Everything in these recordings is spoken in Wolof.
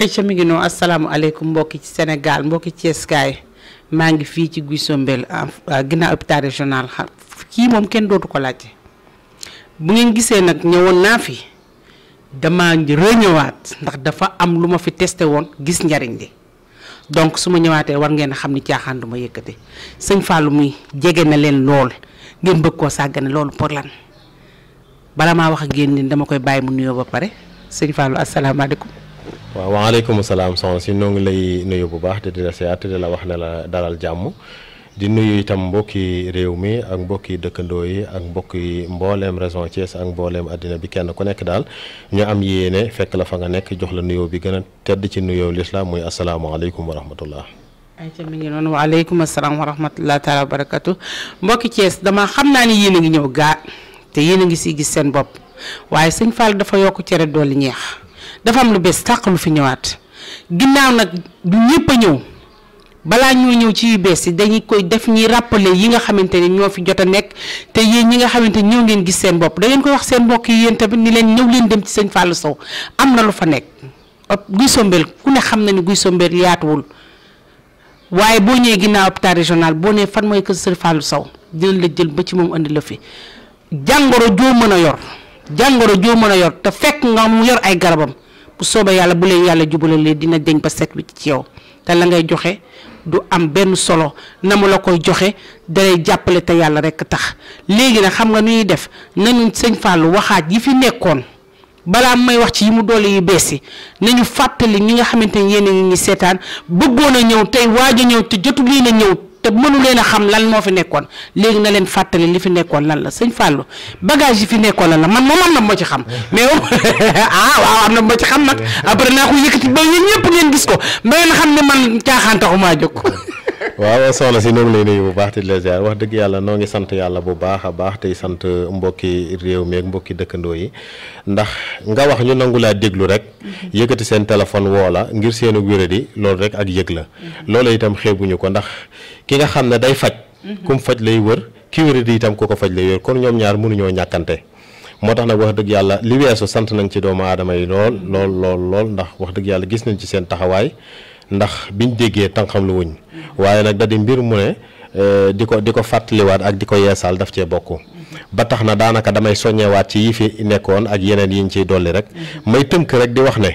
ay ca mi ngi noonu asalaamualeykum mbokki ci Sénégal mbokki Thiès maa ngi fii ci Guy Sombel euh, ginnaaw hôpital régional kii moom kenn dootu ko laajte bu ngeen gisee nag ñëwoon naa fi dama reñëwaat ndax dafa am lu ma fi testé woon gis njariñ li donc su ma ñëwaatee war ngeen xam ni caaxaan du ma yëkkate sëñ Fallou muy jege na leen lool ngeen bëgg koo sàggane loolu pour lan bala maa wax ak yéen dama koy bàyyi mu nuyoo ba pare sëñ Fallou asalaamaaleykum. waaw waaleykum salaam soxna si noo ngi lay nuyu bu baax te di la siyaat te di la wax ne la dalal jàmm di nuyu itam mbokki réew mi ak mbokki dëkkandoo yi ak mbokki mbooleem raison Thiès ak mbooleem àddina bi kenn ku nekk daal ñu am yéene fekk la fa nga nekk jox la nuyoo bi gën a tedd ci nuyoo lislaam muy asalaamaaleykum wa rahmatullah ayca mi ngi noonu waaleykum asalaam wa rahmatullah taala wa mbokki Thiès dama xam naa ni yéen a ngi ñëw gaa te yéen a ngi siy gis seen bopp waaye sëñ Fall dafa yokk cere dolli ñeex dafa am lu bees sàq lu fi ñëwaat ginnaaw nag du ñëpp a ñëw balaa ñoo ñëw ci yu bees yi dañuy koy def ñuy rappeler yi nga xamante ne ñoo fi jot a nekk te yéen ñi nga xamante ñoo ngeen gis seen bopp dangeen koy wax seen mbokk yi yéen tamit ni leen ñëw leen dem ci sëñ fàll saw am na lu fa nekk guy sombeel ku ne xam na ni guy sombeel yaatuwul waaye boo ñëwee ginnaaw hôpital régional boo nee fan mooy kër sëñ Fallou saw dinañ la jël ba ci moom indi la fi jàngoro joo mën a yor jàngoro joo mën a yor te fekk nga yor ay garabam bu soobee yàlla bu leen yàlla leen dina deñ ba set wi ci yow te la ngay joxe du am benn solo na mu la koy joxe dalay jàppale te yàlla rekk tax léegi nag xam nga nu ñuy def nañu sëñ Fallou waxaat yi fi nekkoon balaa may wax ci yi mu doole yu bees yi nañu fàttali ñi nga xamante ni yéen a ngi seetaan bëggoon a ñëw tey waaj a ñëw te jotu lii na ñëw te mënu leen a xam lan moo fi nekkoon léegi na leen fàttali li fi nekkoon lan la sëñ Fallou bagage yi fi nekkoon lan la man moom am na moo ci xam mais oh, ah waaw am na moo ci xam nag après naa ko yëkkati ba yéen ñëpp ngeen gis ko ba ngeen xam ne man caaxaan taxu maa jóg waaw soxna si noo lay nuyu bu baax di la ziar wax dëgg yàlla noo ngi sant yàlla bu baax a baax tey sant mbokki réew mi ak mbokki dëkkandoo yi ndax nga wax ñu nangu laa déglu rek mm-hmm. yëkkati seen téléphone woo la ngir seenu wéradi loolu rek ak yëg la mm-hmm. loolu itam xeebuñu ko ndax ki nga xam ne day faj mm-hmm. kum faj lay wër ki wéradi itam ko ko faj lay wër kon ñoom ñaar mënuñoo ñàkkante moo tax nag wax dëgg yàlla li weesu sant nañ ci doomu aadama yi lool lool lool lool ndax wax dëgg yàlla gis nañ ci seen taxawaay ndax biñ déggee tànqam lu wuñ waaye nag da di mbir mu ne euh, di ko di ko fàttaliwaat ak di ko yeesaal daf cee bokk ba tax na daanaka damay soññewaat ci yi fi nekkoon ak yeneen yi ñu ciy dolli rek may tënk rek di wax ne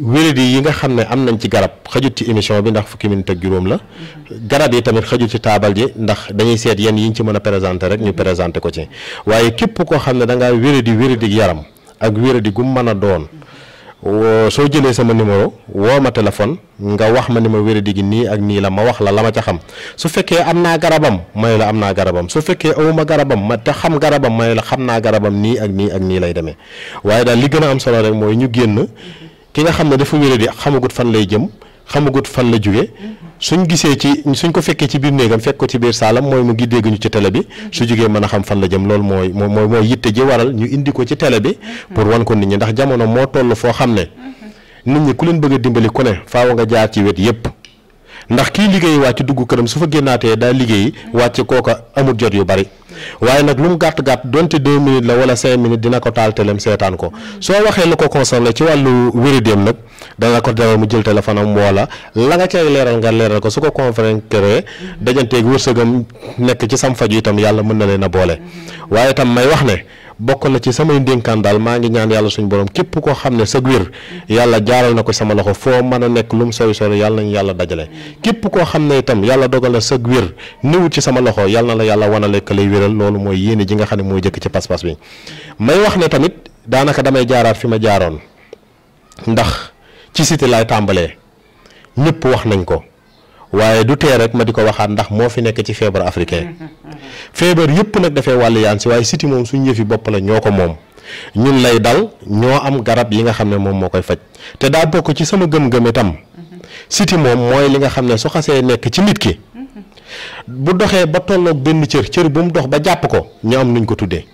wéradi yi nga xam ne am nañ ci garab xajut ci émission bi ndax fukki minute teg juróom la garab yi tamit xajut ci taabal ji ndax dañuy seet yenn yi ñu ci mën a présenté rek ñu présenté ko ci waaye képp koo xam ne da ngaa wéradi wéradi yaram ak wéradi gu mën a doon soo jëlee sama numéro woo ma téléphone nga wax ma ne ma wéradi gi nii ak nii la ma wax la la ma ca xam su fekkee am naa garabam may la am naa garabam su fekkee ma garabam ma te xam garabam may la xam naa garabam nii ak nii ak nii lay demee waaye daal li gën a am solo rek mooy ñu génn ki nga xam ne dafa wéradi xamagut fan lay jëm xamagut fan la jóge suñ gisee ci suñ ko fekkee ci biir néegam fekk ko ci biir saalam mooy mu ngi dégg ñu ci télé bi mm-hmm. su jógee mën a xam fan la jëm loolu mooy mooy mooy yitte ji waral ñu indi ko ci télé bi mm-hmm. pour wan ko nit ñi ndax jamono moo toll foo xam ne mm-hmm. nit ñi ku leen bëgg a dimbali ku ne faaw nga jaar ci wet yépp ndax kii liggéey wàcc dugg këram su fa génnaatee daa liggéey wàcc kooka amul jot yu bari waaye nag lu mu gàtt gàtt donte deux minutes la wala cinq minutes dina ko taal telem seetaan ko soo waxee lu ko concerné ci wàllu wéridéem nag dana ko demal mu jël téléphone am wala la nga cay leeral nga leeral ko su ko convaincre dajanteeg wërsëgam nekk ci sam faju itam yàlla mën na leen a boole waaye itam may wax ne bokk na ci samay ndénkaan daal maa ngi ñaan yàlla suñu borom képp koo xam ne sag wér yàlla jaaral na ko sama loxo foo mën a nekk lu mu sori sori yàlla dajale képp koo xam ne itam yàlla dogal na sag wér niwut ci sama loxo yàlla na la yàlla wanale ka lay wéral loolu mooy yéene ji nga xam ne mooy jëkk ci pas-pas bi may wax ne tamit daanaka damay jaaraat fi ma jaaroon ndax ci cité laay tàmbalee ñépp wax nañ ko waaye du tee rek ma di ko waxaat ndax moo fi nekk ci feebar africain feebar yëpp nag dafay wàllu yaan si waaye siti moom suñu yëfi bopp la ñoo ko moom ñun lay dal ñoo am garab yi nga xam ne moom moo koy faj te daa bokk ci sama gëm-gëm itam siti moom mooy li nga xam ne su xasee nekk ci nit ki bu doxee ba tolloog benn cër cër bu mu dox ba jàpp ko ñu am nuñ ko tuddee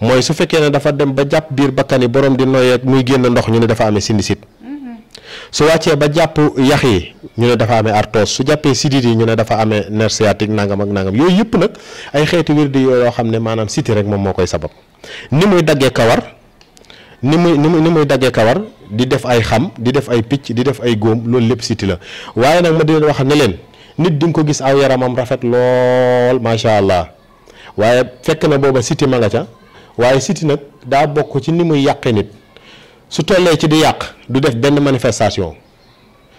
mooy su fekkee ne dafa dem ba jàpp biir bakkan yi borom di noyyeeg muy génn ndox ñu ne dafa amee sinusite su wàccee ba jàpp yax yi ñu ne dafa ame arthrose su jàppee sidit yi ñu ne dafa ame nerf sciatique nangam ak nangam yooyu yëpp nag ay xeeti wérdi yoo xam ne maanaam siti rek moom moo koy sabab ni muy daggee kawar ni muy ni muy ni muy daggee kawar di def ay xam di def ay picc di def ay góom loolu lépp siti la waaye nag ma di leen wax ne leen nit di nga ko gis aw yaramam rafet lool macha allah waaye fekk na booba siti ma nga ca waaye siti nag daa bokk ci ni muy yàqe nit. su tollee ci du yàq du def benn manifestation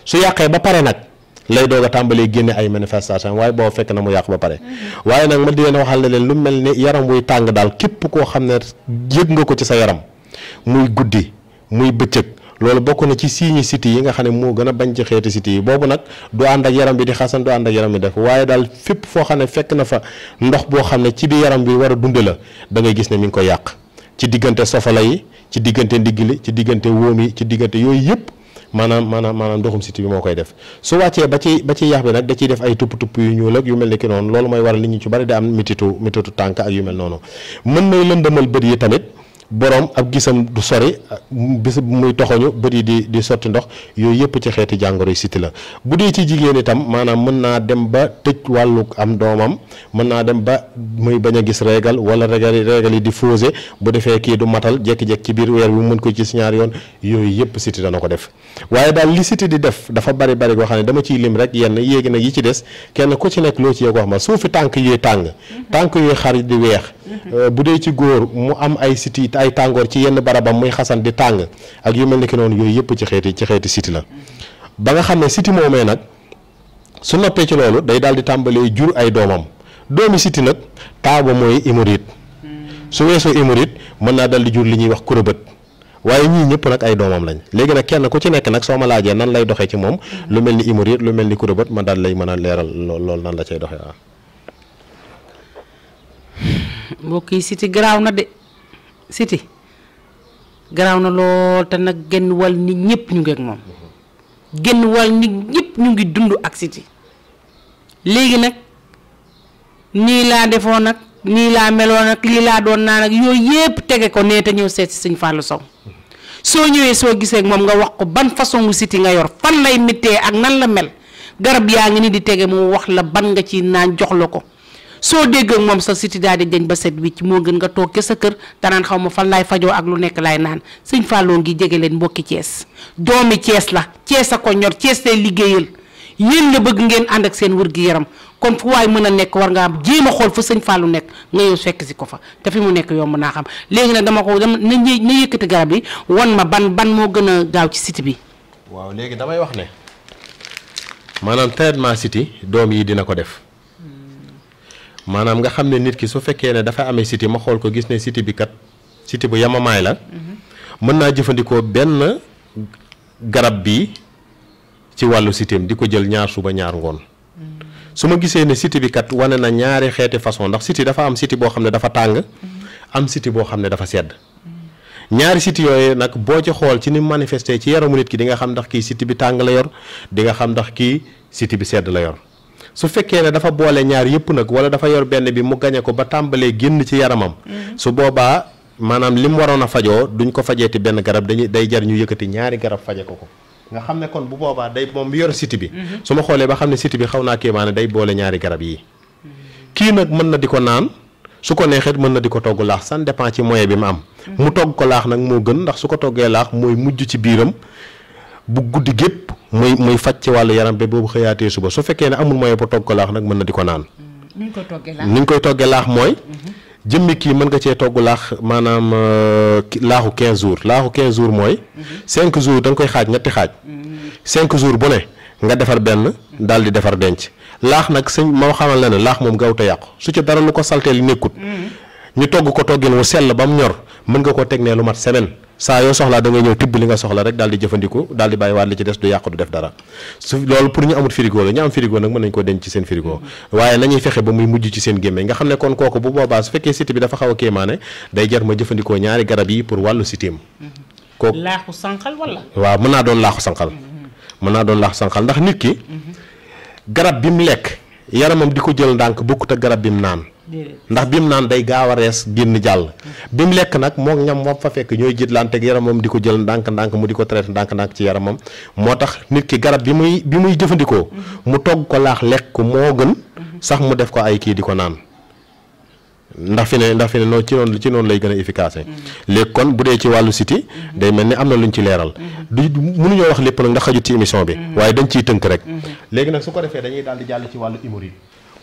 su yàqee ba pare nag lay doog a tàmbalee génne ay manifestation waaye boo fekk na mu yàq ba pare mm-hmm. waaye nag ma di leen waxal ne leen lu mel ni yaram wuy tàng daal képp koo xam ne yëg nga ko ci sa yaram muy guddi muy bëccëg loolu bokk na ci signe siti yi nga xam ne moo gën a bañ ci xeeti siti yi boobu nag du ànd ak yaram bi di xasan du ànd ak yaram bi def waaye daal fépp foo xam ne fekk na fa ndox boo xam ne ci bi yaram bi war a dund la da gis ne mi ngi ko yàq ci diggante sofala yi ci diggante li ci diggante wóom ci diggante yooyu yëpp maanaam maanaam maanaam ndoxum siti bi moo koy def su wàccee ba ci ba ci yax bi nag da ciy def ay tupp tupp yu ñuul ak yu mel ni ki noonu loolu mooy waral nit ñi ci bari da am mititu mititu tànk ak yu mel noonu mën nay lëndëmal bët yi tamit boroom ab gisam du sori bis muy toxoñu bëri di di sotti ndox yooyu yëpp ci xeeti jàngoro siti la bu dee ci jigéen itam maanaam mën naa dem ba tëj wàllu am doomam mën naa dem ba muy bañ a gis réegal wala réegal réegal yi di fausé bu defee kii du matal jékki-jékki ci biir weer bi mën ko gis ñaari yoon yooyu yëpp siti dana ko def waaye daal li siti di def dafa bari bari goo xam ne dama ciy lim rek yenn yéegi nag yi ci des kenn ku ci nekk loo ci yee ko xam ma suufi tànk yuy tàng mhm. tànk yuy xar di weex Euh, bu dee ci góor mu am ay siti ay tàngoor ci yenn barabam muy xasan di tàng ak yu mel ni ki noonu yooyu yëpp ci xeeti ci xeeti siti la ba nga xam ne siti moomee nag su noppee ci loolu day daal di tàmbalee jur ay doomam doomi siti nag taaba mooy hémorroïde su weesoo hémorroïde mën naa dal di jur li ñuy wax kurabët waaye ñii ñëpp nag ay doomam lañ léegi nag kenn ku ci nekk nag soo ma laajee nan lay doxee ci moom lu mel ni hémorroïde lu mel ni kurabët ma daal lay mën a leeral lool loolu nan la cay doxee waaw mbokk yi siti garaaw na de siti garaaw na lool te nag genn wal nit ñëpp ñu ngi ak moom genn wàll nit ñépp ñu ngi dund ak siti léegi nag nii laa defoon nag nii laa meloon nag lii laa doon naa nag yooyu yëpp tege ko nee te ñëw seet si sëñ Fallou Sow soo ñëwee soo gisee moom nga wax ko ban façon wu siti nga yor fan lay méttee ak nan la mel garab yaa ngi ni di tege mu wax la ban nga ci naan jox la ko soo dégg moom sa siti daal di deñ ba set wi ci moo gën nga toog ca sa kër danaan xaw ma fan laay fajoo ak lu nekk laay naan sëñ Fallou ngi jege leen mbokki cees doomi Thiès la Thiès a ko ñor Thiès lay liggéeyal yéen nga bëgg ngeen ànd ak seen wër gi yaram kon fu waay mën a nekk war ngaa jéem a xool fa sëñ Fallou nekk nga yow sekk si ko fa te fi mu nekk yomb naa xam léegi nag dama ko dama na na yëkkati garab yi wan ma ban ban moo gën a gaaw ci siti bi waaw léegi damay wax ne maanaam traitement siti doom yi dina ko def maanaam nga xam ne nit ki su fekkee ne dafa amee siti ma xool ko gis ne siti bi kat siti bu yamamaay la mm-hmm. mën naa jëfandikoo benn garab bii ci wàllu sitim di ko jël ñaar suba ñaar ngoon mm-hmm. su ma gisee ne siti bi kat wane na ñaari xeeti façon ndax siti dafa am siti boo xam ne dafa tàng mm-hmm. am siti boo xam ne dafa sedd ñaari siti yooyu nag boo ci xool ci ni manifesté ci yaramu nit ki di nga xam ndax kii siti bi tàng la yor di nga xam ndax kii siti bi sedd la yor su fekkee ne dafa boole ñaar yëpp nag wala dafa yor benn bi mu gañe ko ba tàmbalee génn ci yaramam mhm. su boobaa maanaam li mu waroon a fajoo duñ ko fajeeti benn garab dañuy day jar ñu yëkkati ñaari garab faje ko ko nga xam ne kon bu boobaa day moom yor siti bi mhm. su ma xoolee ba xam ne siti bi xaw naa kéemaane day boole ñaari garab yi mhm. kii nag mën na di ko naan su ko neexee mën na di ko togg laax san dépend ci moyen bi mu am mu togg ko laax nag moo gën ndax su ko toggee laax mooy mujj ci biiram bu guddi gépp muy muy faj ci wàllu yaram bi boobu xëyaatee suba su fekkee ne amul mooy ba togg ko laax nag mën na di ko naan. Mm, ni ñu koy toggee laax mooy. Mm-hmm. jëmmi kii mën nga cee togg laax maanaam euh, laaxu 15 jours laaxu 15 jours mooy. Mm-hmm. cinq jours danga koy xaaj ñetti xaaj. Mm-hmm. cinq jours bu ne nga defar benn daal di defar denc laax nag sëñ moo xamal na ne laax moom gaaw yàqu su ci dara lu ko saltee li nekkut. ñu togg ko toggin wu sell ba mu ñor mën nga koo teg nee lu mat semaine saa yoo soxlaa da ngay ñëw tibb li nga soxla rek daal di jëfandiku daal di bàyyi waat li ci des du yàq du def dara su loolu pour ñu amul frigo la ñu am frigo nag mën nañ ko denc ci seen frigo waaye nañuy fexe ba muy mujj ci seen gémmeñ nga xam ne kon kooku bu boobaa su fekkee siti bi dafa xaw a kéemaane day jar ma jëfandikoo ñaari garab yi pour wàllu sitim kooku laaxu sànqal wala waaw mën naa doon laaxu sànqal mën naa doon laaxu sànqal ndax nit ki garab bi mu lekk yaramam di ko jël ndànk bokkut ak garab bi mu naan ndax bi mu naan day gaaw a rees génn jàll bi mu lekk nag moo ñam moom fa fekk ñooy jiitlante ak yaramam di ko jël ndànk-ndànk mu di ko traité ndànk-ndànk ci yaramam moo tax nit ki garab bi muy bi muy jëfandikoo mhm. mu togg ko laax lekk ko moo gën mhm. sax mu def ko ay kii di ko naan ndax fi ne ndax fi ne noonu ci noonu ci noonu lay gën a efficace mhm. léegi kon bu dee ci wàllu siti day mel ni am na luñ ci leeral du ñoo wax lépp nag ndax xajut ci émission bi waaye dañ ciy tënk rek léegi nag su ko defee dañuy daal di jàll ci wàllu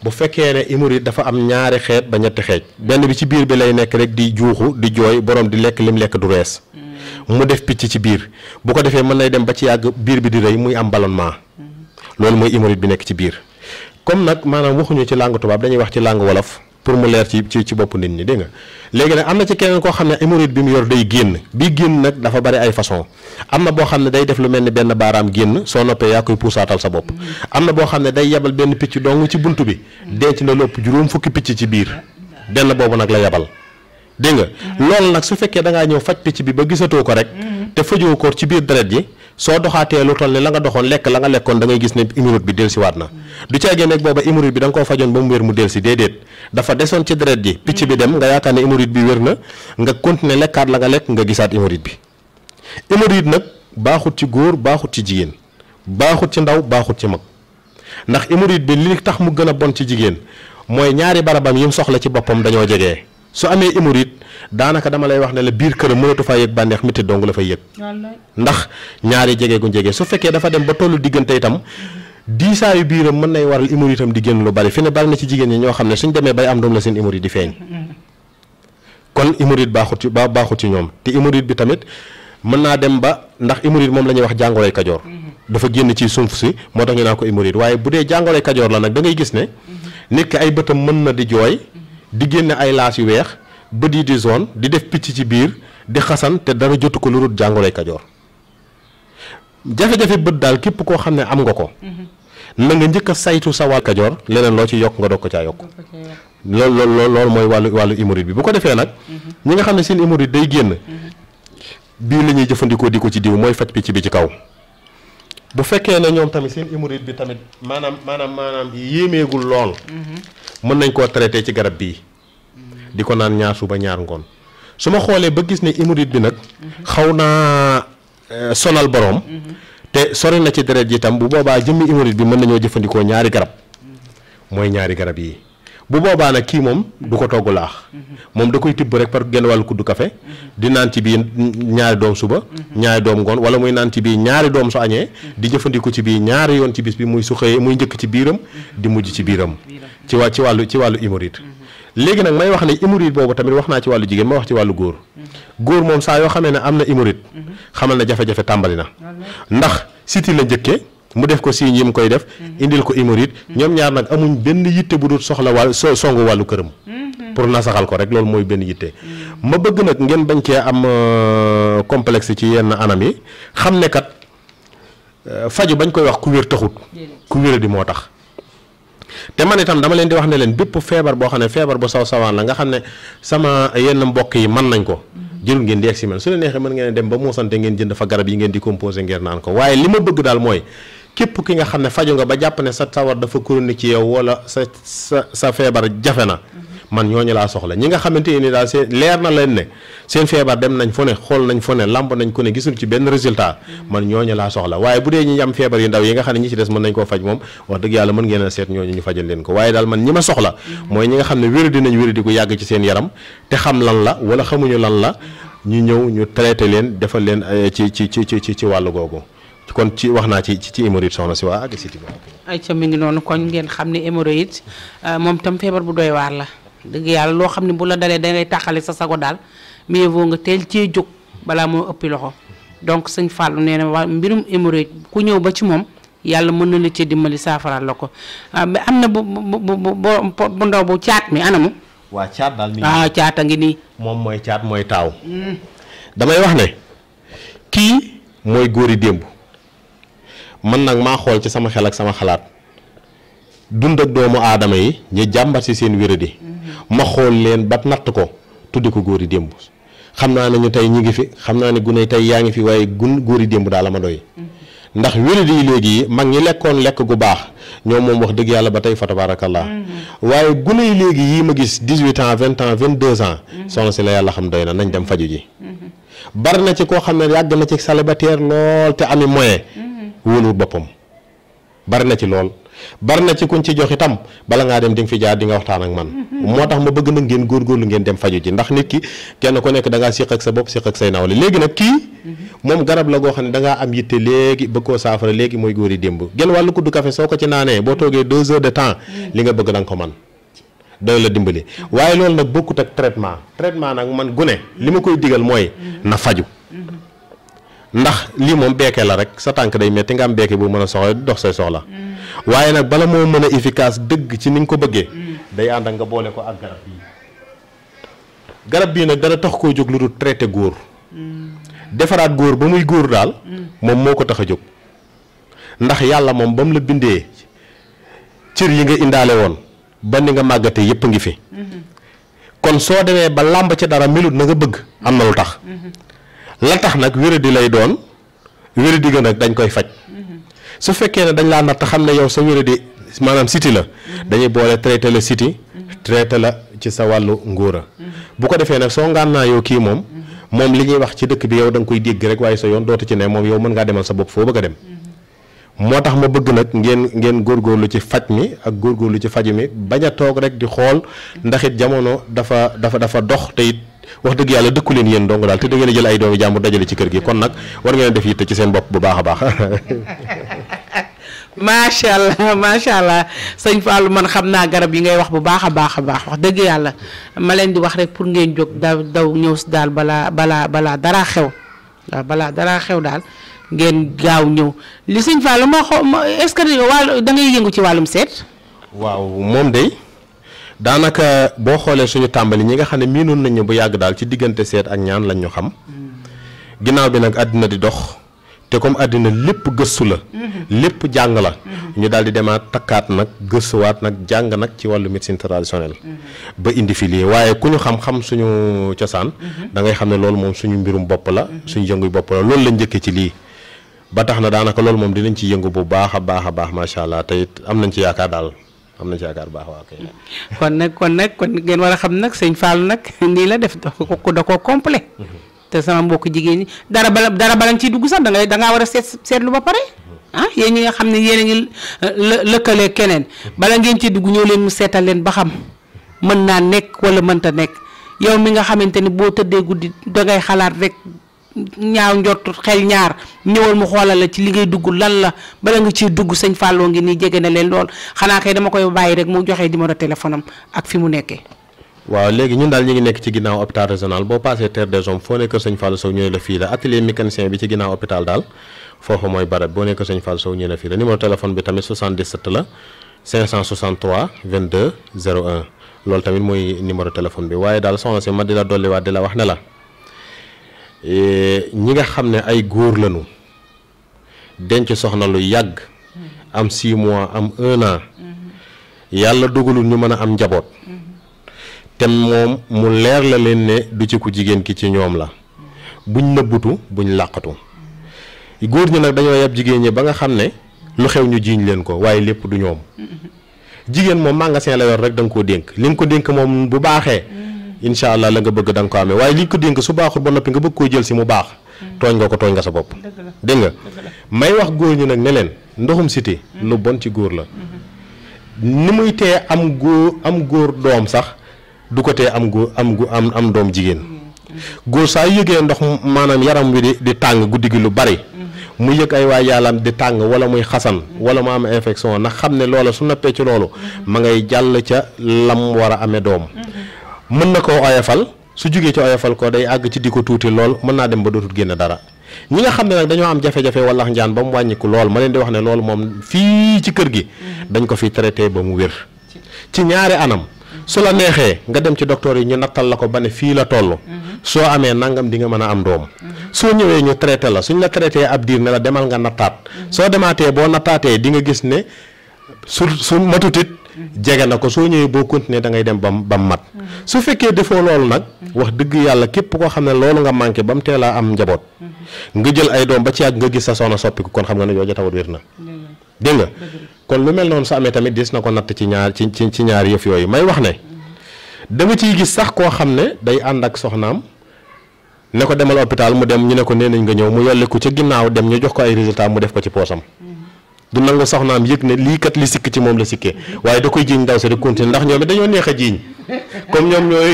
bu fekkee ne imurit dafa am ñaari xeet ba ñetti xeej benn bi ci biir bi lay nekk rek di juuxu di jooy boroom di lekk lim lekk du rees mm. mu def picc ci biir bu ko defee mën nay dem ba ci yàgg biir bi di rëy muy am ballonnement mm. loolu mooy imurit bi nekk ci biir comme nag maanaam waxuñu ci langue tubaab dañuy wax ci langue wolof pour mu leer ci ci bopp nit ñi dégg nga léegi nag am na ci keneen koo xam ne hémorroïde bi mu yor day génn bi génn nag dafa bari ay façon am na boo xam ne day def lu mel ni benn baaraam génn soo noppee yaa koy puusaatal sa bopp am na boo xam ne day yebal benn picc dong ci bunt bi denc na lopp juróom fukki picc ci biir benn boobu nag la yebal dégg nga loolu nag su fekkee da ngaa ñëw faj picc bi ba gisatoo ko rek te fajoo ko ci biir deret ji soo doxaatee lu toll ne la nga doxoon lekk la nga lekkoon da gis ne hémorroïde bi dellusiwaat na du caagee nag booba hémorroïde bi da nga koo fajoon ba mu wér mu dellusi déedéet dafa desoon ci deret ji picc bi dem nga yaakaar ne hémorroïde bi wér na nga continuer lekkaat la nga lekk nga gisaat hémorroïde bi hémorroïde nag baaxut ci góor baaxut ci jigéen baaxut ci ndaw baaxut ci mag ndax hémorroïde bi li tax mu gën a bon ci jigéen mooy ñaari barabam yi mu soxla ci boppam dañoo jege su amee hémorroïde daanaka dama lay wax ne la biir këram mënatu faa yëg bànneex metit dong la fay yëg ndax ñaari jege ku jege su fekkee dafa dem ba tollu diggante itam diisaayu biiram mën nay waral hémorroïde itam di génn bari fi ne bari na ci jigéen ñi ñoo xam ne suñ demee bay am doom la seen di feeñ kon hémorroïde baaxut ci ba baaxut ci ñoom te hémorroïde bi tamit mën naa dem ba ndax hémorroïde moom la ñuy wax jàngoroy kajoor dafa génn ci suuf si moo tax ñu naa ko hémorroïde waaye bu dee jàngoroy kajoor la nag da ngay gis ne nit ki ay bëtam mën na di jooy di génne ay laas yu weex bët yi di zone di def picc ci biir di xasan te dara jotu ko lu dul jàngoroy kajoor jafe-jafe bët daal képp koo xam ne am nga ko. Mhm. na nga njëkk a saytu sa wàll kajoor leneen loo ci yokk nga doog ko caa yokk. loolu lool lool mooy wàllu wàllu hémorroïde bi bu ko defee nag. Mhm. ñi nga xam ne seen hémorroïde day génn. Mhm. bii la ñuy jëfandikoo di ko ci diw mooy faj picc bi ci kaw. bu fekkee ne ñoom tamit seen hémorroïde bi tamit maanaam maanaam maanaam yéemeegul lool. mën nañ koo traité ci garab bii. di ko naan ñaar suba ñaar ngoon su ma xoolee ba gis ne hémorroïde bi nag. xaw naa euh, sonal boroom. te sori na ci deret ji tam bu boobaa jëmmi hémorroïde bi mën nañoo jëfandikoo ñaari garab. mooy ñaari garab yi. bu boobaa nag kii moom du ko togg laax moom da koy tibb rek par genn wàllu kuddu café di naan ci bii ñaari doom suba ñaari doom ngoon wala muy naan ci bii ñaari doom su añee di jëfandiku ci bii ñaari yoon ci bis bi muy su xëyee muy njëkk ci biiram di mujj ci biiram ci waa ci wàllu ci wàllu hémorroïde léegi nag may wax ne hémorroïde boobu tamit wax naa ci wàllu jigéen ma wax ci wàllu góor góor moom saa yoo xamee ne am na hémorroïde xamal na jafe-jafe tàmbali na ndax siti la njëkkee mu def ko signes yi mu koy def mhm. indil ko hémorroïde mhm. ñoom ñaar nag amuñ benn yitte bu dul soxla wàllu so songu wàllu këram mhm. pour nasaxal ko rek loolu mooy benn yitte ma bëgg nag ngeen bañ kee am euh, complexe ci yenn anam yi xam ne kat euh, faju bañ koy wax ku wér taxut ku moo tax te man itam dama leen di wax ne leen bépp feebar boo xam ne feebar bu saw sawaan la nga xam ne sama yenn mbokk yi mën nañ ko jërul ngeen di egg si su la neexee mën ngeen dem ba muusante jënd fa garab yi ngeen di composé ngeen naan ko waaye li ma bëgg daal mooy képp ki nga xam ne faju nga ba jàpp ne sa tawar dafa chronique ci yow wala sa sa sa feebar jafe na man ñooñu laa soxla ñi nga xamante ne daal seen leer na leen ne seen feebar dem nañ fu ne xool nañ fu ne lamb nañ ko ne gisul ci résultat man ñooñu laa soxla waaye bu dee ñi am feebar yu yi nga xam ne ñi ci des mën nañ koo faj moom wax dëgg yàlla mën ngeen a seet ñu fajal leen ko waaye daal man ñi ma soxla mooy ñi nga xam ne wéradi nañ wéradi ku yàgg ci seen yaram te xam lan la wala xamuñu lan la ñu ñëw ñu traité leen defal leen eh, ci ci ci ci ci wàllu googu kon ci wax naa ci ci hémorroïde soxna si waa ak siti ay mi ngi noonu kon ngeen xam ne hémorroïde euh, moom tam feebar bu doy waar la dëgg yàlla loo xam ne bu la dalee da ngay sa sago daal mieux vaut nga teel cee jóg balaa moo ëppi loxo donc sëñ Fallou nee na waa mbirum hémorroïde ku ñëw ba ci moom yàlla mën na la cee dimbali saafaraal la ko euh, am na bu bu ndaw bu caat mi anamu. waa caat daal mi ngi ah, nii. moom mooy caat mooy taaw. Hmm. damay wax ne kii mooy góori démb. man nag maa xool ci sama xel ak sama xalaat dund ak doomu aadama yi ñu jàmbat si seen wéradi mm-hmm. ma xool leen ba natt ko tuddi ko góori démb xam naa ne ñu tey ñu ngi fi xam naa ne gune tey yaa ngi fi waaye gun góori démb daal la ma doy mm-hmm. ndax wéradi yi léegi mag ñi lekkoon lekk gu baax ñoom moom wax dëgg yàlla ba tey fa tabarakallah mm-hmm. waaye gune yi léegi yii ma gis dix-huit ans vingt ans vingt-deux ans soxna si la yàlla xam doy na nañ dem faju ji bari na ci koo xam ne yàgg na ci célibataire lool te ami moyen wóolul boppam bari na ci lool bari na ci kuñ ci jox itam bala ngaa dem di fi jaar di nga waxtaan ak man moo tax ma bëgg na ngeen góorgóorlu ngeen dem faju ji ndax nit ki kenn ku nekk da ngaa siq ak sa bopp siq ak say nawle léegi nag kii moom garab la goo xam ne dangaa ngaa am yitte léegi bëgg koo saafara léegi mooy góor yi démb genn wàllu kuddu café soo ko ci naanee boo toogee deux heures de temps li nga bëgg da ko man doo la dimbali waaye loolu nag bokkut ak traitement traitement nag man gune li ma koy digal mooy ndax lii moom beeke la rek sa tànk day metti nga am beeke bu mën a soxla dox say soxla mm. waaye nag bala moo mën a efficace dëgg ci ni nga ko bëggee mm. day ànd ak nga boole ko ak garab bii nag dara tax koo jóg lu dul traité góor mm. defaraat góor ba muy góor daal moom moo ko tax a jóg ndax yàlla moom ba mu la bindee cër yi nga indaale woon ba ni nga màggate yépp ngi fi mm-hmm. kon soo demee ba làmb ci dara melut na nga bëgg am na lu tax mm-hmm. la tax nag wéradi lay doon wéradi ga nag dañ koy faj mhm. su fekkee ne dañ laa natt xam ne yow sa wéradi maanaam siti la mhm. dañuy boole traité la siti mhm. traité la ci sa wàllu ngóora bu ko defee nag soo ngaan yow kii moom moom li ñuy wax ci dëkk bi yow da koy dégg rek waaye sa yoon dootu ci ne moom yow mën ngaa demal sa bopp foo bëgg a dem moo tax ma bëgg nag ngeen ngeen góor góorgóorlu ci faj mi ak góorgóorlu ci faju mi bañ a toog rek di xool ndax it jamono dafa dafa dafa dox te wax dëgg yàlla dëkku leen yéen dong daal te da ngeen jël ay doomi jàmbur dajale ci kër gi kon nag war ngeen def yitte ci seen bopp bu baax a baax. macha allah macha allah sëñ Fallou man xam naa garab yi ngay wax bu baax a baax a baax wax dëgg yàlla ma leen di wax rek pour ngeen jóg daw daw ñëw si daal balaa balaa balaa daraa xew waaw balaa daraa xew daal ngeen gaaw ñëw li sëñ Fallou ma xo est-ce que wàll da ngay yëngu ci wàllum seet. waaw moom day daanaka boo xoolee suñu tàmbali ñi nga xam ne miinoon nañu bu yàgg daal ci diggante seet ak ñaan lañ xam mm. ginnaaw bi nag àddina di dox te comme àddina lépp gëstu la mm-hmm. lépp jàng la mm-hmm. ñu daal di demaat takkaat nag gëstuwaat nag jàng nag ci wàllu médecine traditionnelle mm-hmm. ba indi fi lii waaye ku ñu xam-xam suñu cosaan da ngay xam ne loolu moom suñu mbirum bopp la suñu yëngu bopp la loolu la njëkkee ci lii ba tax na daanaka loolu moom dinañ ci yëngu bu baax a baax baax macha allah te am nañ ci yaakaar daal am na ci yaakaar baax waa kay. kon nag kon nag kon ngeen war a xam nag sëñ Fall nag nii la def da ko da koo complet mhm. te sama mbokk jigéen ñi dara bala dara bala nga ciy dugg sax da ngay da ngaa war a seet seetlu ba pare. Mhm. ah yéen ñi nga xam ne yéen a ngi lëkkale keneen mhm. bala ngeen ci dugg ñëw leen mu seetal leen ba xam mën naa nekk wala mënta nekk yow mi nga xamante ni boo tëddee guddi dangay xalaat rek. ñaaw njortu xel ñaar ñëwal mu xoolal la ci li ngay dugg lan la bala nga ci dugg sañ Fallou ngi nii jege na leen lool xanaa kay dama koy bàyyi rek mu joxe numéro téléphone ak fi mu nekkee. waaw léegi ñun daal ñu ngi nekk ci ginnaaw hôpital régional boo passé terre des hommes foo nekk sëñ Fallou Sow ñëwee la fii la bi mooy barab boo nekk sëñ Fallou Sow ñëwee la fii la numéro téléphone bi tamit 77 la 563 22 loolu tamit mooy numéro téléphone bi waaye daal soxna si ma di la dolliwaat di la wax ne la. Eh, ñi nga xam ne ay góor lañu denc soxna lu yàgg am 6 mois am 1 yàlla dogalul ñu mën a am njaboot te moom mu leer la leen ne du ci ku jigéen ki ci ñoom la buñ nëbbutu buñ làqatu góor ñi nag dañoo yab jigéen ñi ba nga xam ne lu xew ñu jiiñ leen ko waaye lépp du ñoom jigéen moom magasin la yor rek danga nga koo dénk li nga ko dénk moom bu baaxee incha allah la nga bëgg da nga ko amee waaye li ko dénk su baaxul ba noppi nga bëgg koo jël si mu baax tooñ nga ko tooñ nga sa bopp dégg nga may wax góor ñi nag ne leen ndoxum siti lu bon ci góor la ni muy tee am góor am góor doom sax du ko tee am góor am am am doom jigéen góor saa yëgee ndox maanaam yaram wi di di tàng guddi gi lu bari mu yëg ay waay yàllaam di tàng wala muy xasan wala mu am infection na xam ne loola su nappee ci loolu ma ngay jàll ca lam war a amee doom mën na ko oyofal su jugee ci oyofal ko day àgg ci di ko tuuti lool mën naa dem ba dootul génn dara ñi nga xam ne nag dañoo am jafe-jafe wallax njaan ba mu wàññiku lool ma leen di wax ne loolu moom fii ci kër gi dañ ko fi traité ba mu wér ci ñaari anam su la neexee nga dem ci docteur yi ñu nattal la ko ba ne fii la toll soo amee nangam di nga mën a am doom soo ñëwee ñu traité la suñ la traité ab diir ne la demal nga nattaat soo demaatee boo nattaatee di nga gis ne su su matutit jege na ko soo ñëwee boo continuer da ngay dem ba ba mat mm-hmm. su fekkee defoo loolu nag mm-hmm. wax dëgg yàlla képp koo xam ne loolu nga manqué ba mu teelaa am njaboot mm-hmm. nga jël ay doom ba ci yàgg nga gis sa soxna soppiku kon xam nga ne jooja tawat wér na dégg kon lu mel noonu sa amee tamit des na ko natt ci ñaar ci ci ci ñaar yëf yooyu may wax ne da nga ciy gis sax koo xam ne day ànd ak soxnaam ne ko demal hôpital mu dem ñu ne ko nee nañ nga ñëw mu yolliku ca ginnaaw dem ñu jox ko ay résultat mu def ko ci poosam du nangu soxnaam yëg ne lii kat li sikk ci moom la sikkee waaye da koy jiiñ ndaw si rek continuer ndax ñoom it dañoo neex a jiiñ comme ñoom ñooy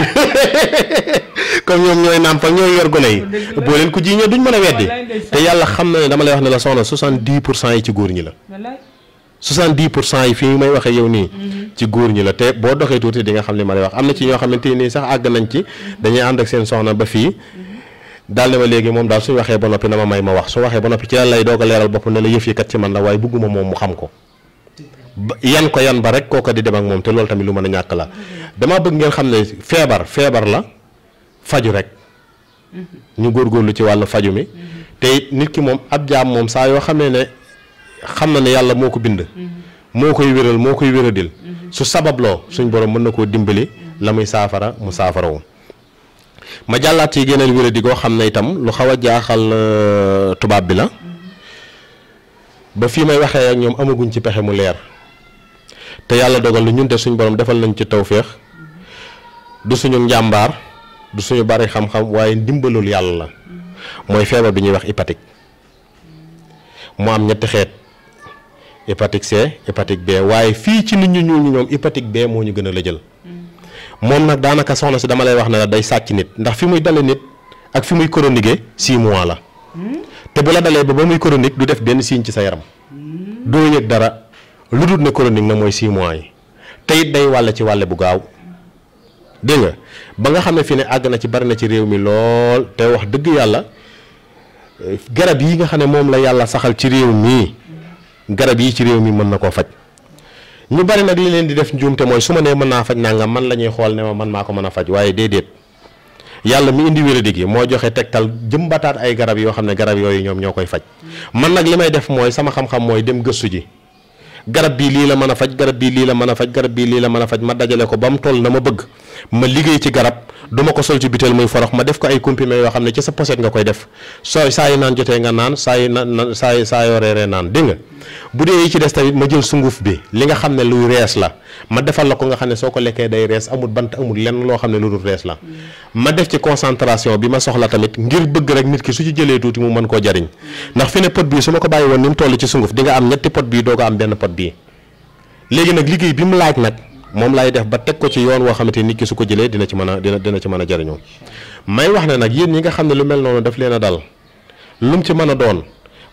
comme ñoom ñooy nàmpal ñooy yor gone yi boo leen ko jiiñee duñ mën a weddi te yàlla xam na ne dama lay wax ne la soxna 70 pour cent yi ci góor ñi la 70 pour cent yi fii may waxee yow nii ci góor ñi la te boo doxee tuuti di nga xam ne ma lay wax am na ci ñoo xamante nii sax àgg nañ ci dañuy ànd ak seen soxna ba fii daal ne ma léegi moom daal suñ waxee ba noppi na ma may ma wax su waxee ba noppi ci la lay doog a leeral bopp ne la yëf yi kat ci man la waaye bugguma moom mu xam ko yan ko yan ba rek kooka di dem ak moom te loolu tamit lu mën a ñàkk la damaa bëgg ngeen xam ne feebar feebar la faju rek ñu góorgóorlu ci wàllu faju mi te nit ki moom ab jaam moom saa yoo xam ne ne xam na ne yàlla moo ko bind moo koy wéral moo koy wéradil su sababloo suñ borom mën na koo dimbali la muy saafara mu saafarawu ma jàllaat yi geneen wéré di goo xam ne itam lu xaw a jaaxal euh, tubaab bi la ba fii may waxee ak ñoom amaguñ ci pexe mu leer te yàlla dogal na ñun te suñu borom defal nañ ci tawféex du suñu njàmbaar du suñu bari xam-xam waaye ndimbalul yàlla la mooy feebar bi ñuy wax hépatique moo am ñetti xeet hépatique C hépatique B waaye fii ci nit ñu ñuul ñi ñoom hépatique B moo ñu gën a la jël moom nag daanaka soxna si dama lay wax na la day sàcc nit ndax fi muy dale nit ak fi muy chronique six mois la te bu la dalee ba ba muy chronique du def benn signe ci sa yaram doo yëg dara lu dul ne chronique na mooy six mois yi te day wàlle ci wàlle bu gaaw dégg nga ba nga xam ne fi ne àgg na ci bari na ci réew mi lool te wax dëgg yàlla garab yi nga xam ne moom la yàlla saxal ci réew mii garab yi ci réew mi mën na koo faj ñu bari nag li leen di def njuumte mooy su ma nee mën naa faj nangam man la ñuy xool ne ma man maa ko mën a faj waaye déedéet yàlla mi indi wéradi gi moo joxe tegtal bataat ay garab yoo xam ne garab yooyu ñoom ñoo koy faj man nag li may def mooy sama xam-xam mooy dem gëstu ji garab bii lii la mën a faj garab bii lii la mën a faj garab bii lii la mën a faj ma dajale ko ba mu toll na ma bëgg ma liggéey ci garab du ma ko sol ci butéel muy forox ma def ko ay comprimés yoo xam ne ci sa pochette nga koy def soo saa yu naan jotee nga naan saa yu naan saa yu saa yoo reeree naan dégg nga bu dee yi ci des tamit ma jël sunguf bi li nga xam ne luy rees la ma defal la ko nga xam ne soo ko lekkee day rees amul bant amul lenn loo xam ne lu dul rees la ma def ci concentration bi ma soxla tamit ngir bëgg rek nit ki su ci jëlee tuuti mu mën koo jariñ ndax fi ne pot bii su ma ko bàyyi woon ni toll ci sunguf di nga am ñetti pot bii doo ko am benn pot bii léegi nag liggéey bi mu laaj nag moom laay def ba teg ko ci yoon woo xamante nit ki su ko jëlee dina ci mën a dina dina ci mën a jariñoo wax ne nag yéen ñi nga xam ne lu mel noonu daf leen a dal lu mu ci mën a doon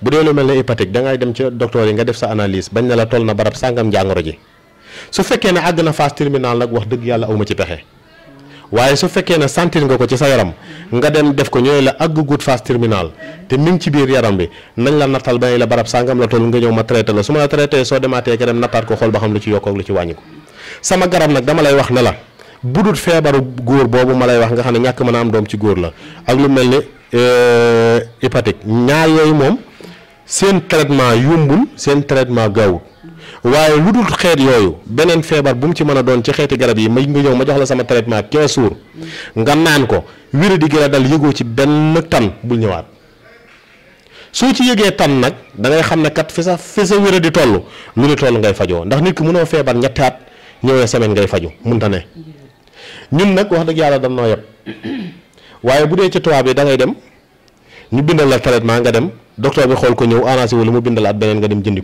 bu dee lu mel ne hépatique da ngay dem ci docteur yi nga def sa analyse bañ ne la toll na barab sàngam jàngoro ji su fekkee ne àgg na phase terminale nag wax dëgg yàlla awma ci pexe waaye su fekkee ne sentir nga ko ci sa yaram nga dem def ko ñooy la àgg guut phase terminale te mi ngi ci biir yaram bi nañ la nattal ba la barab sàngam la ko xool ba xam ci yokk sama garab nag dama lay wax ne la bu budul feebaru góor boobu ma lay wax nga xam ne ñàkk mën a am doom ci góor la ak lu mel ni euh, hépatique ñaar yooyu moom seen traitement yumbul seen traitement gaawut waaye lu dul xeet yooyu beneen feebar bu mu ci mën a doon ci xeeti garab yi ma nga ñëw ma jox la sama traitement 15 jours nga naan ko wér di gën a dal yëgoo ci benn tan bul ñëwaat soo ci yëgee tan nag da ngay xam ne kat fi sa fi sa wér di toll lu ni toll ngay fajoo ndax nit ki mënoo feebar ñetti ñëwee semaine ngay faju munta ne ñun nag wax dëgg yàlla dam noo yeb waaye bu dee ci tubaab bi da dem ñu bindal la traitement nga dem docteur bi xool ko ñëw arrangé wu li mu bindalaat beneen nga dem jëndi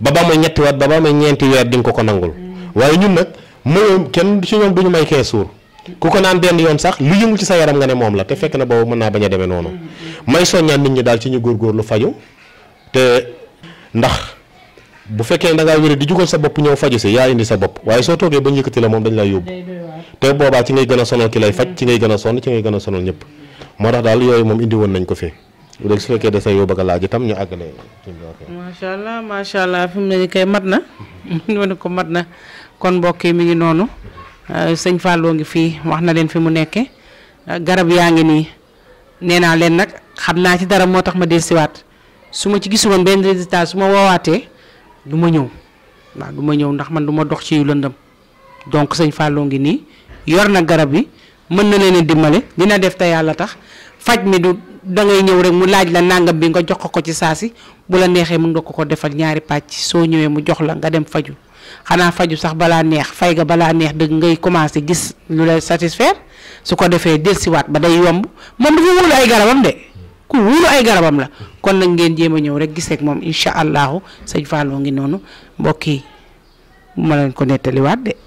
ba ba ma ñetti weer ba ba ma ñeenti weer di ko ko nangul waaye ñun nag mënoo kenn ci ñoom du ñu may 15 jours ku ko naan benn yoon sax lu yëngu ci sa yaram nga ne moom la te fekk na boobu mën naa bañ a demee noonu may soññaan nit ñi daal ci ñu góorgóorlu faju ndax bu fekkee ne da di jugal sa bopp ñëw faju si yaa indi sa bopp waaye soo toogee ba ñu yëkkati la moom dañ lay yóbbu te boobaa ci ngay gën a sonal ki lay faj ci ngay gën a sonn ci ngay gën a sonal ñëpp moo tax daal yooyu moom indi woon nañ ko fii léegi su fekkee dese yoo bëgg a laaj itam ñu àggale. macha allah macha allah fi mu ne mat na ñu ne ko mat na kon mbokk mi ngi noonu euh, sëñ Fallou ngi fii wax na leen fi mu nekke euh, garab yaa ngi nii nee naa leen nag xam naa ci dara moo tax ma dellusiwaat su ma ci gisu woon benn résultat su ma woowaatee du ma ñëw waaw du ma ñëw ndax man du ma dox ci yu lëndëm donc sëñ Fallou ngi nii yor na garab bi mën na leen a dimbale dina def te yàlla tax faj mi du da ñëw rek mu laaj la nàngam bi nga jox ko ko ci si bu la neexee mën nga ko ko defal ñaari pàcc soo ñëwee mu jox la nga dem faju xanaa faju sax balaa neex fay ga balaa neex dëgg ngay commencé gis lu lay satisfaire su ko defee delsiwaat ba day yomb moom dafa wóolu ay garabam de ku wóolu ay garabam la kon lañ ngeen jéem a ñëw rek giseek moom incha allahu sëñ Fallou ngi noonu mbokk yi bu ma leen ko nettaliwaat de